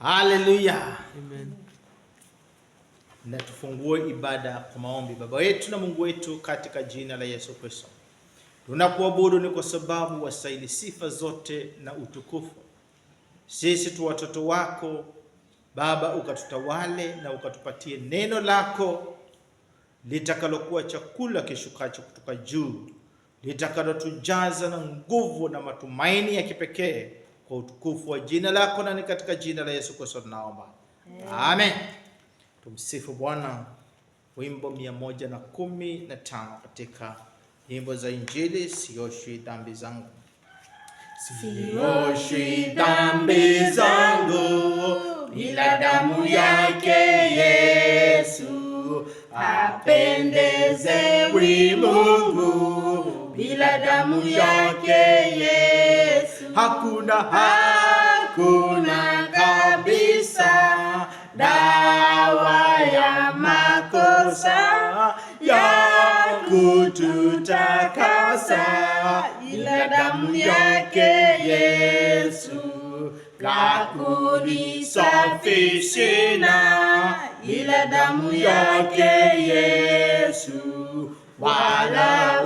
Haleluya, amen. Na tufungue ibada kwa maombi. Baba yetu na Mungu wetu, katika jina la Yesu Kristo tunakuabudu, ni kwa sababu wastahili sifa zote na utukufu. Sisi tu watoto wako Baba, ukatutawale na ukatupatie neno lako litakalokuwa chakula kishukacho kutoka juu litakalotujaza na nguvu na matumaini ya kipekee kwa utukufu wa jina lako, na ni katika jina la Yesu Kristo tunaomba amen. Tumsifu Bwana. Wimbo mia moja na kumi na tano katika nyimbo za Injili, sioshwi dhambi zangu, sioshwi dhambi zangu bila damu yake Yesu, hapendezewi Mungu bila damu yake Yesu hakuna hakuna kabisa dawa ya makosa ya kututakasa ila damu yake Yesu kakunisafishina ila damu yake Yesu wala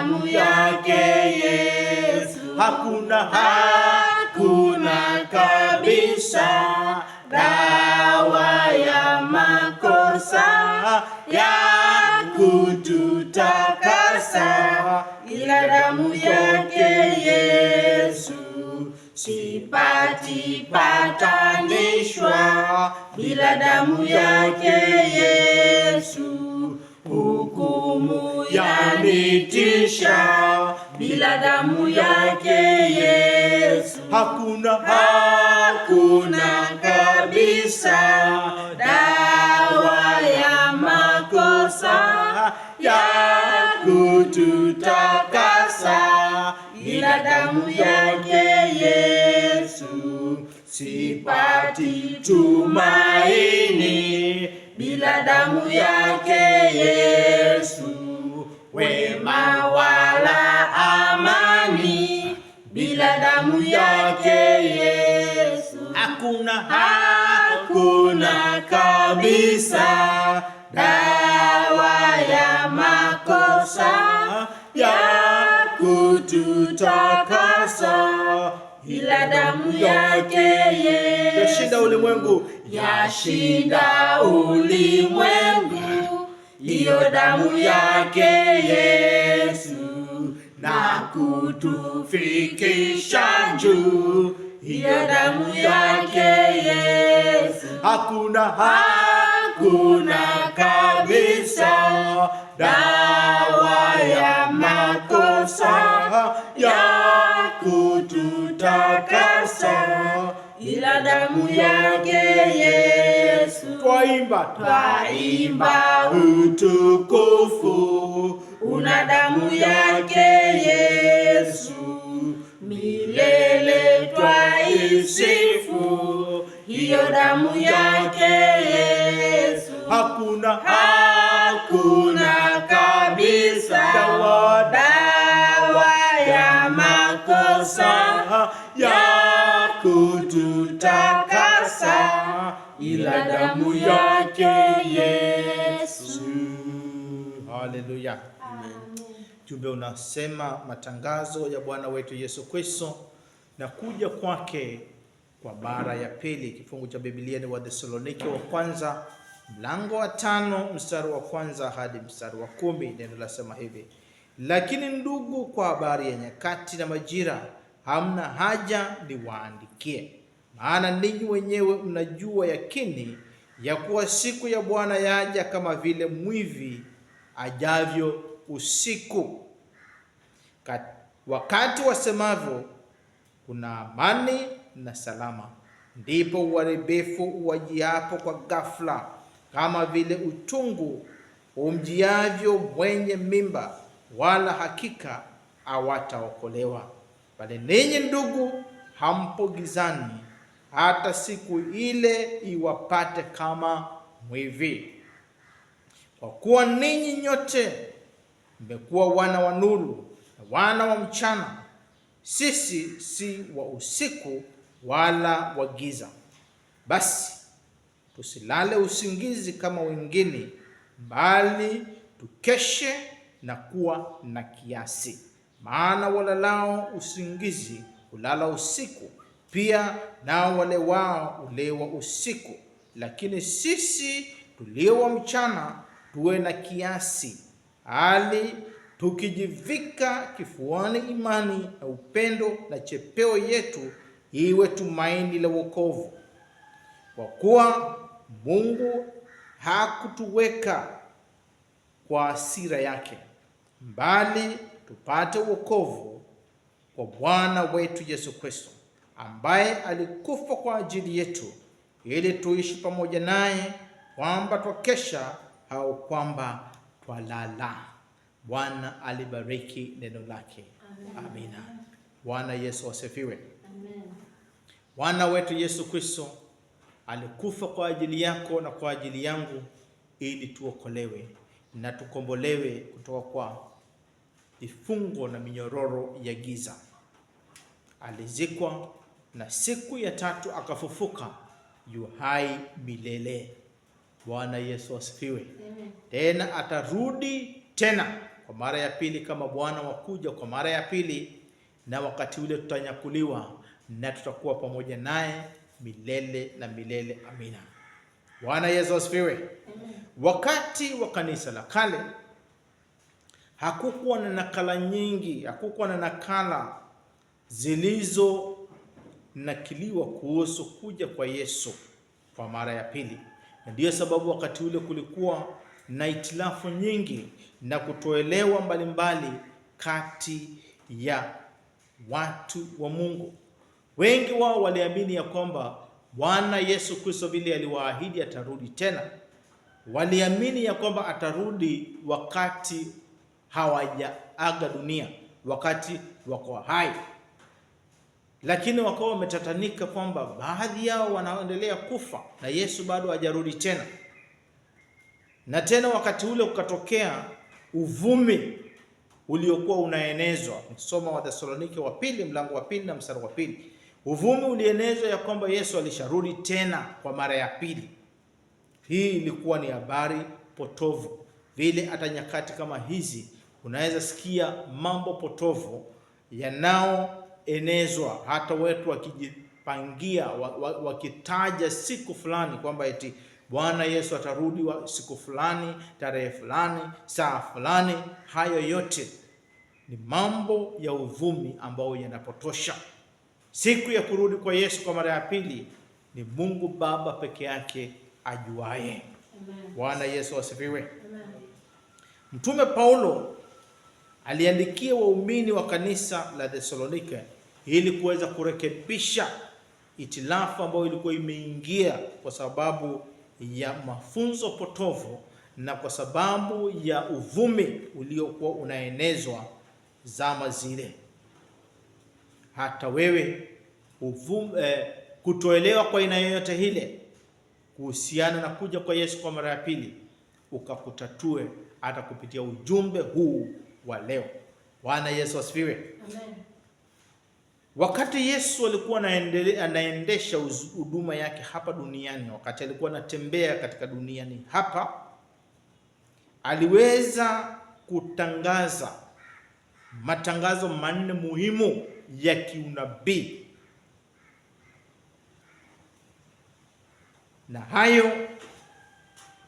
damu yake Yesu, hakuna hakuna kabisa dawa ya makosa ya kututakasa ila damu yake Yesu, sipati patanishwa bila damu yake Yesu hukumu yanitisha, bila damu yake Yesu hakuna, hakuna kabisa dawa ya makosa ya kututakasa, bila damu yake Yesu sipati tumaini bila damu yake Yesu, wema wala amani bila damu yake Yesu, hakuna hakuna kabisa dawa ya makosa ya kututakasa ila damu yake Yesu yashinda ulimwengu, yashinda ulimwengu, iyo damu yake Yesu na kutufikisha juu, iyo damu yake Yesu hakuna hakuna kabisa dawa ya makosa ya takasa ila damu yake Yesu. Twaimba, twaimba utukufu una damu yake Yesu, milele twaisifu hiyo damu yake Yesu. Hakuna, hakuna la damu yake Yesu. Haleluya, amen. Jumbe unasema matangazo ya Bwana wetu Yesu Kristo na kuja kwake kwa bara ya pili. Kifungu cha Biblia ni Wathesalonike wa kwanza mlango wa tano mstari wa kwanza hadi mstari wa kumi. Neno lasema hivi: lakini ndugu, kwa habari ya nyakati na majira hamna haja niwaandikie maana ninyi wenyewe mnajua yakini ya kuwa siku ya Bwana yaja kama vile mwivi ajavyo usiku. Kat, wakati wasemavyo kuna amani na salama, ndipo uharibifu uwajiapo kwa ghafla kama vile utungu umjiavyo mwenye mimba, wala hakika hawataokolewa. Bali ninyi ndugu, hampogizani hata siku ile iwapate kama mwivi. Kwa kuwa ninyi nyote mmekuwa wana wa nuru na wana wa mchana, sisi si wa usiku wala wa giza. Basi tusilale usingizi kama wengine, bali tukeshe na kuwa na kiasi. Maana walalao usingizi hulala usiku pia nao wao ulewa usiku. Lakini sisi tulio wa mchana tuwe na kiasi, hali tukijivika kifuani imani na upendo, na chepeo yetu iwe tumaini la wokovu. Kwa kuwa Mungu hakutuweka kwa hasira yake, bali tupate wokovu kwa Bwana wetu Yesu Kristo ambaye alikufa kwa ajili yetu ili tuishi pamoja naye, kwamba twakesha au kwamba twalala. Bwana alibariki neno lake, amina. Bwana Yesu asifiwe. Bwana wetu Yesu Kristo alikufa kwa ajili yako na kwa ajili yangu ili tuokolewe na tukombolewe kutoka kwa vifungo na minyororo ya giza. Alizikwa na siku ya tatu akafufuka yu hai milele. Bwana Yesu asifiwe. Tena atarudi tena kwa mara ya pili, kama Bwana wakuja kwa mara ya pili, na wakati ule tutanyakuliwa na tutakuwa pamoja naye milele na milele. Amina. Bwana Yesu asifiwe. Wakati wa kanisa la kale hakukuwa na nakala nyingi, hakukuwa na nakala zilizo nakiliwa kuhusu kuja kwa Yesu kwa mara ya pili, na ndiyo sababu wakati ule kulikuwa na itilafu nyingi na kutoelewa mbalimbali mbali kati ya watu wa Mungu. Wengi wao waliamini ya kwamba Bwana Yesu Kristo vile aliwaahidi atarudi tena, waliamini ya kwamba atarudi wakati hawajaaga dunia, wakati wako hai lakini wakawa wametatanika kwamba baadhi yao wanaendelea kufa na Yesu bado hajarudi tena. Na tena wakati ule ukatokea uvumi uliokuwa unaenezwa, msoma wa Thesalonike wa pili mlango wa pili na mstari wa pili. Uvumi ulienezwa ya kwamba Yesu alisharudi tena kwa mara ya pili. Hii ilikuwa ni habari potovu. Vile hata nyakati kama hizi unaweza sikia mambo potovu yanao enezwa hata wetu wakijipangia wakitaja siku fulani kwamba eti Bwana Yesu atarudi wa siku fulani, tarehe fulani, saa fulani. Hayo yote ni mambo ya uvumi ambayo yanapotosha. Siku ya kurudi kwa Yesu kwa mara ya pili ni Mungu Baba peke yake ajuaye. Bwana Yesu asifiwe. Mtume Paulo aliandikia waumini wa kanisa la Thessalonike ili kuweza kurekebisha itilafu ambayo ilikuwa imeingia kwa sababu ya mafunzo potovu na kwa sababu ya uvumi uliokuwa unaenezwa zama zile. Hata wewe uvum, eh, kutoelewa kwa aina yoyote ile kuhusiana na kuja kwa Yesu kwa mara ya pili, ukakutatue hata kupitia ujumbe huu wa leo. Bwana Yesu asifiwe. Amen. Wakati Yesu alikuwa anaendesha huduma yake hapa duniani, wakati alikuwa anatembea katika duniani hapa, aliweza kutangaza matangazo manne muhimu ya kiunabii, na hayo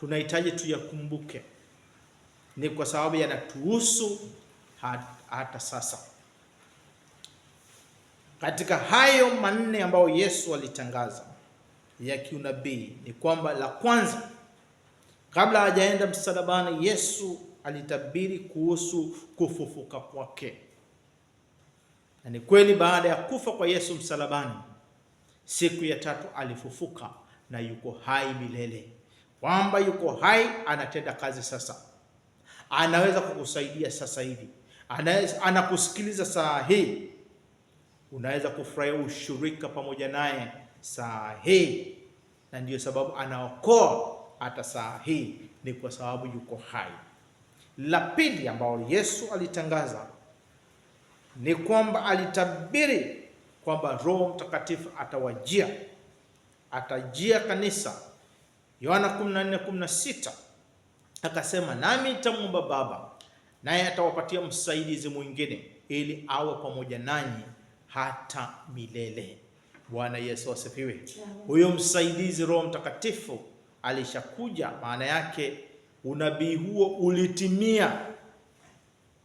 tunahitaji tuyakumbuke ni kwa sababu yanatuhusu hata sasa. Katika hayo manne ambayo Yesu alitangaza ya kiunabii ni kwamba la kwanza, kabla hajaenda msalabani, Yesu alitabiri kuhusu kufufuka kwake. Na ni kweli, baada ya kufa kwa Yesu msalabani, siku ya tatu alifufuka na yuko hai milele, kwamba yuko hai, anatenda kazi sasa anaweza kukusaidia sasa hivi, anakusikiliza saa hii. Unaweza kufurahia ushirika pamoja naye saa hii, na ndiyo sababu anaokoa hata saa hii, ni kwa sababu yuko hai. La pili ambayo Yesu alitangaza ni kwamba alitabiri kwamba Roho Mtakatifu atawajia atajia kanisa, Yohana 14:16. Akasema, nami nitamwomba Baba, naye atawapatia msaidizi mwingine, ili awe pamoja nanyi hata milele. Bwana Yesu asifiwe. Huyo msaidizi Roho Mtakatifu alishakuja, maana yake unabii huo ulitimia.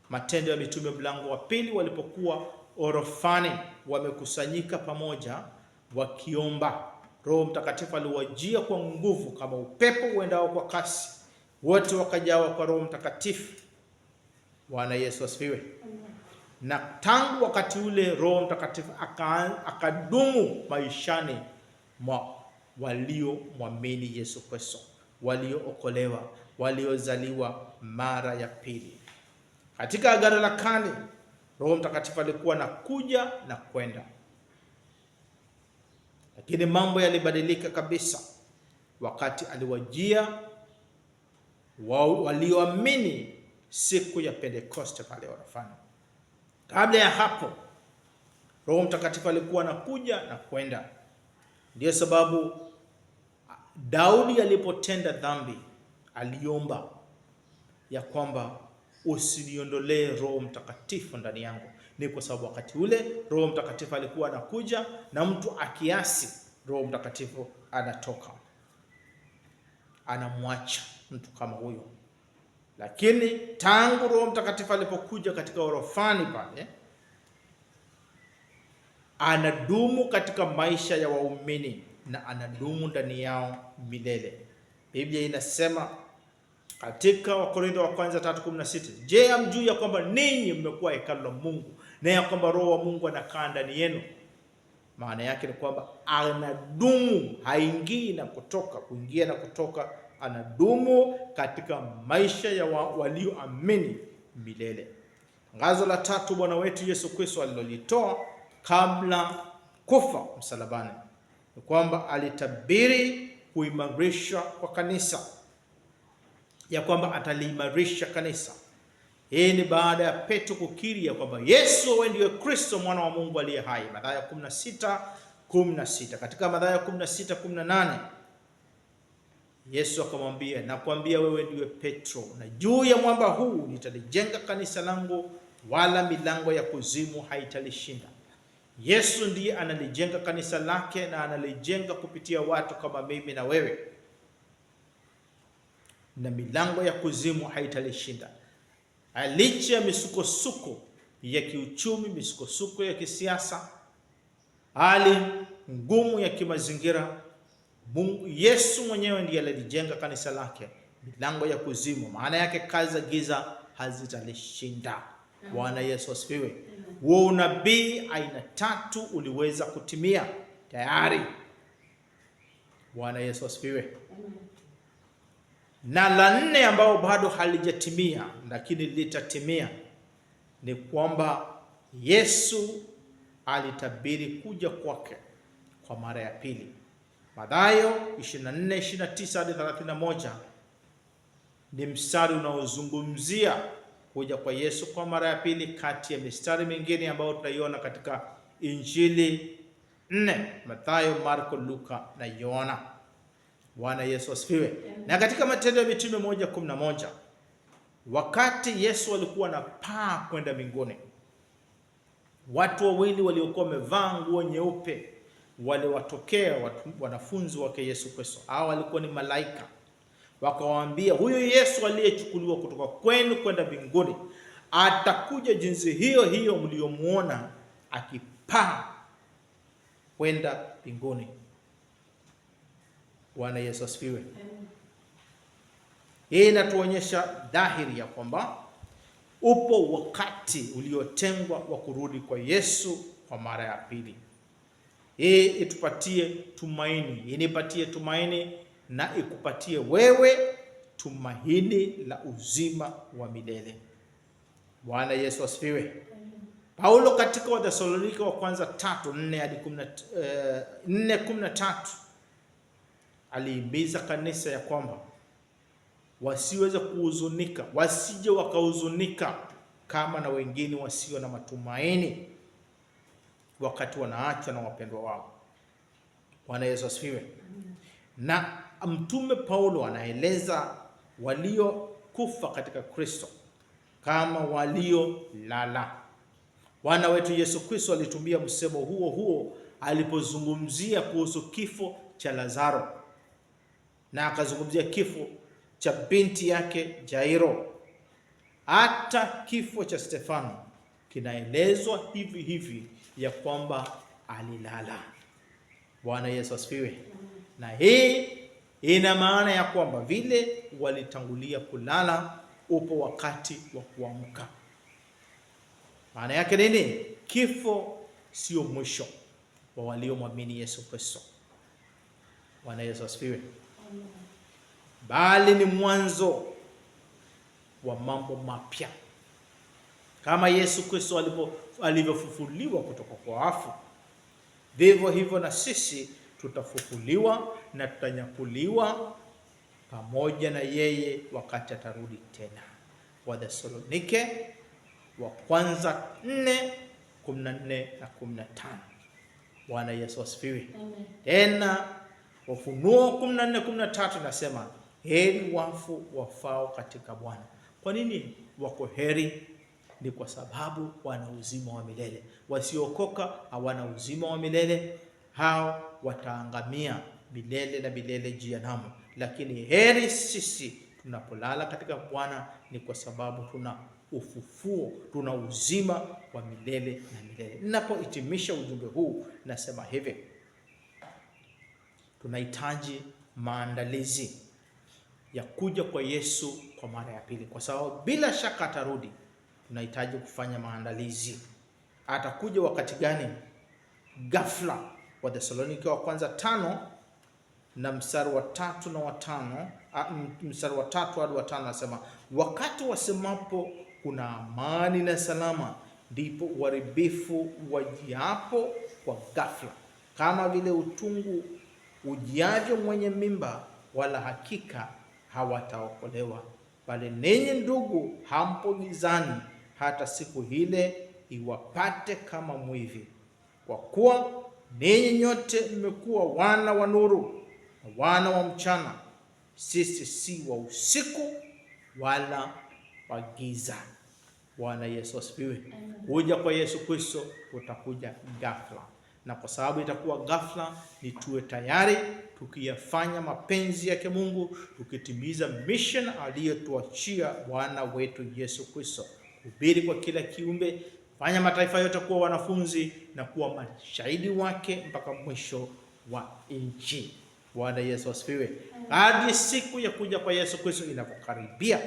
Matendo ya Mitume mlango wa pili, walipokuwa orofani wamekusanyika pamoja wakiomba, Roho Mtakatifu aliwajia kwa nguvu kama upepo uendao kwa kasi wote wakajawa kwa Roho Mtakatifu. Bwana Yesu asifiwe. Na tangu wakati ule Roho Mtakatifu akadumu maishani mwa waliomwamini Yesu Kristo, waliookolewa, waliozaliwa mara ya pili. Katika Agano la Kale Roho Mtakatifu alikuwa na kuja na kwenda, lakini mambo yalibadilika kabisa wakati aliwajia walioamini siku ya Pentekoste pale wanafanya. Kabla ya hapo, Roho Mtakatifu alikuwa anakuja na kwenda. Ndiyo sababu Daudi alipotenda dhambi aliomba ya kwamba usiniondolee Roho Mtakatifu ndani yangu. Ni kwa sababu wakati ule Roho Mtakatifu alikuwa anakuja, na mtu akiasi Roho Mtakatifu anatoka, anamwacha mtu kama huyo. Lakini tangu Roho Mtakatifu alipokuja katika orofani pale, anadumu katika maisha ya waumini na anadumu ndani yao milele. Biblia inasema katika Wakorintho wa kwanza 3:16, je, hamjui ya kwamba ninyi mmekuwa hekalu la Mungu na ya kwamba Roho wa Mungu anakaa ndani yenu? Maana yake ni kwamba anadumu, haingii na kutoka, kuingia na kutoka anadumu katika maisha ya wa, walioamini milele. Tangazo la tatu, Bwana wetu Yesu Kristo alilolitoa kabla kufa msalabani ni kwamba alitabiri kuimarisha kwa kanisa, ya kwamba ataliimarisha kanisa. Hii ni baada ya Petro kukiri ya kwamba Yesu wewe ndiye Kristo mwana wa Mungu aliye hai, Mathayo 16:16. Katika Mathayo 16:18 Yesu akamwambia, nakwambia wewe ndiwe Petro, na juu ya mwamba huu nitalijenga kanisa langu, wala milango ya kuzimu haitalishinda. Yesu ndiye analijenga kanisa lake, na analijenga kupitia watu kama mimi na wewe, na milango ya kuzimu haitalishinda. Alicha ya misukosuko ya kiuchumi, misukosuko ya kisiasa, hali ngumu ya kimazingira Mungu Yesu mwenyewe ndiye alijenga kanisa lake. Milango ya kuzimu, maana yake kazi za giza hazitalishinda. Bwana Yesu asifiwe. Huo unabii aina tatu uliweza kutimia tayari. Bwana Yesu asifiwe. Na la nne ambao bado halijatimia lakini litatimia ni kwamba Yesu alitabiri kuja kwake kwa mara ya pili. Mathayo 24, hadi 31 ni mstari unaozungumzia kuja kwa Yesu kwa mara ya pili kati ya mistari mingine ambayo tunaiona katika Injili nne: Mathayo, Marko, Luka na Yohana. Bwana Yesu asifiwe. Na katika Matendo ya Mitume 1:11 wakati Yesu alikuwa paa kwenda mbinguni, watu wawili waliokuwa wamevaa nguo nyeupe waliwatokea wanafunzi wake Yesu Kristo, hao walikuwa ni malaika, wakawaambia huyu Yesu aliyechukuliwa kutoka kwenu kwenda mbinguni atakuja jinsi hiyo hiyo mliyomuona akipaa kwenda mbinguni. Bwana Yesu asifiwe. Hii inatuonyesha dhahiri ya kwamba upo wakati uliotengwa wa kurudi kwa Yesu kwa mara ya pili yeye itupatie tumaini, inipatie tumaini na ikupatie wewe tumaini la uzima wa milele. Bwana Yesu asifiwe. Paulo katika Wathesalonike wa kwanza tatu nne hadi eh, nne kumi na tatu aliimiza kanisa ya kwamba wasiweze kuhuzunika, wasije wakahuzunika kama na wengine wasio na matumaini wakati wanaachwa na wapendwa wao. Bwana Yesu asifiwe. Na ah, Mtume Paulo anaeleza waliokufa katika Kristo kama waliolala. Bwana wetu Yesu Kristo alitumia msemo huo huo alipozungumzia kuhusu kifo cha Lazaro, na akazungumzia kifo cha binti yake Jairo. Hata kifo cha Stefano kinaelezwa hivi hivi ya kwamba alilala. Bwana Yesu asifiwe. Na hii ina maana ya kwamba vile walitangulia kulala, upo wakati wa kuamka. Maana yake nini? Kifo sio mwisho wa waliomwamini Yesu Kristo. Bwana Yesu asifiwe, bali ni mwanzo wa mambo mapya, kama Yesu Kristo alipo alivyofufuliwa kutoka kwa wafu, vivyo hivyo na sisi tutafufuliwa na tutanyakuliwa pamoja na yeye wakati atarudi tena. Wathesalonike wa kwanza 4 na 15. Bwana Yesu asifiwe. Tena Wafunuo 14:13 nasema, inasema heri wafu wafao katika Bwana. Kwa nini wako heri? ni kwa sababu wana uzima wa milele. Wasiokoka hawana uzima wa milele, hao wataangamia milele na milele jehanamu. Lakini heri sisi tunapolala katika Bwana ni kwa sababu tuna ufufuo, tuna uzima wa milele na milele. Ninapohitimisha ujumbe huu, nasema hivi, tunahitaji maandalizi ya kuja kwa Yesu kwa mara ya pili, kwa sababu bila shaka atarudi unahitaji kufanya maandalizi. Atakuja wakati gani? Ghafla. wa Wathesalonike wa kwanza tano na mstari wa tatu na watano, mstari wa tatu hadi watano anasema wakati wasemapo kuna amani na salama, ndipo uharibifu wajiapo kwa ghafla, kama vile utungu ujiavyo mwenye mimba, wala hakika hawataokolewa. Bali ninyi ndugu, hampo gizani hata siku ile iwapate kama mwivi, kwa kuwa ninyi nyote mmekuwa wana wa nuru na wana wa mchana. Sisi si wa usiku wala wa giza. Bwana Yesu asifiwe. Kuja kwa Yesu Kristo utakuja ghafla, na kwa sababu itakuwa ghafla, ni tuwe tayari tukiyafanya mapenzi yake Mungu, tukitimiza mission aliyotuachia Bwana wetu Yesu Kristo hubiri kwa kila kiumbe, fanya mataifa yote kuwa wanafunzi na kuwa mashahidi wake mpaka mwisho wa nchi. Bwana Yesu asifiwe. Hadi siku ya kuja kwa Yesu Kristo inapokaribia,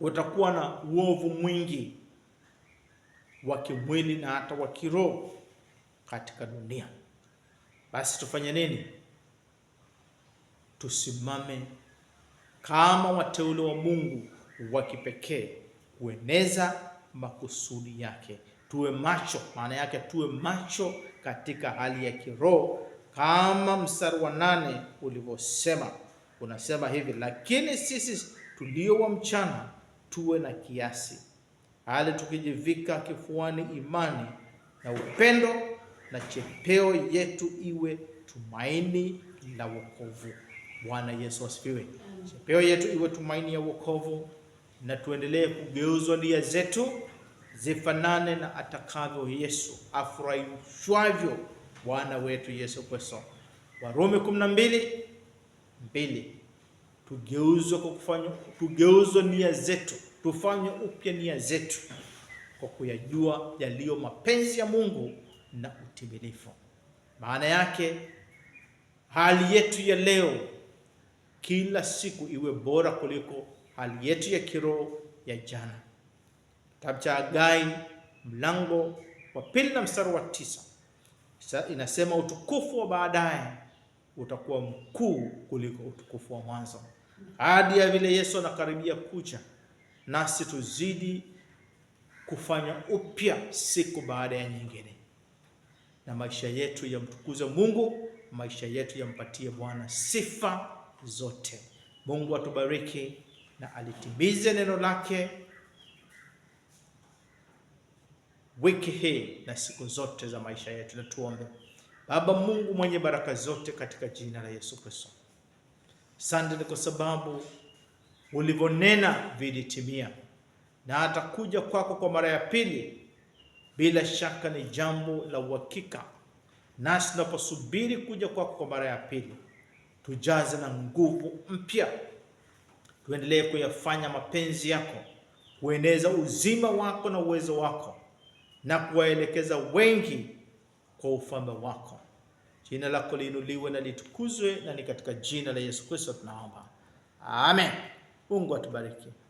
utakuwa na uovu mwingi wa kimwili na hata wa kiroho katika dunia. Basi tufanye nini? Tusimame kama wateule wa Mungu wa kipekee kueneza makusudi yake. Tuwe macho, maana yake tuwe macho katika hali ya kiroho, kama mstari wa nane ulivyosema, unasema hivi: lakini sisi tulio wa mchana tuwe na kiasi, hali tukijivika kifuani imani na upendo, na chepeo yetu iwe tumaini la wokovu. Bwana Yesu asifiwe. Chepeo yetu iwe tumaini ya wokovu na tuendelee kugeuzwa nia zetu zifanane na atakavyo Yesu afurahishwavyo Bwana wetu Yesu Kristo. Warumi 12 mbili. Tugeuzwe kwa kufanya tugeuzwe nia zetu, tufanye upya nia zetu kwa kuyajua yaliyo mapenzi ya Mungu na utimilifu. Maana yake hali yetu ya leo kila siku iwe bora kuliko hali yetu ya kiroho ya jana. Kitabu cha Hagai mlango wa pili na mstari wa tisa inasema utukufu wa baadaye utakuwa mkuu kuliko utukufu wa mwanzo, hadi ya vile Yesu anakaribia kuja, nasi tuzidi kufanya upya siku baada ya nyingine, na maisha yetu yamtukuze Mungu, maisha yetu yampatie Bwana sifa zote. Mungu atubariki na alitimize neno lake wiki hii na siku zote za maisha yetu. Na tuombe. Baba Mungu mwenye baraka zote, katika jina la Yesu Kristo, asante kwa sababu ulivyonena vilitimia, na atakuja kwako kwa mara ya pili bila shaka ni jambo la uhakika. Nasi tunaposubiri kuja kwako kwa mara ya pili, tujaze na nguvu mpya tuendelee kuyafanya mapenzi yako, kueneza uzima wako na uwezo wako, na kuwaelekeza wengi kwa ufalme wako. Jina lako liinuliwe na litukuzwe, na ni katika jina la Yesu Kristo tunaomba, amen. Mungu atubariki.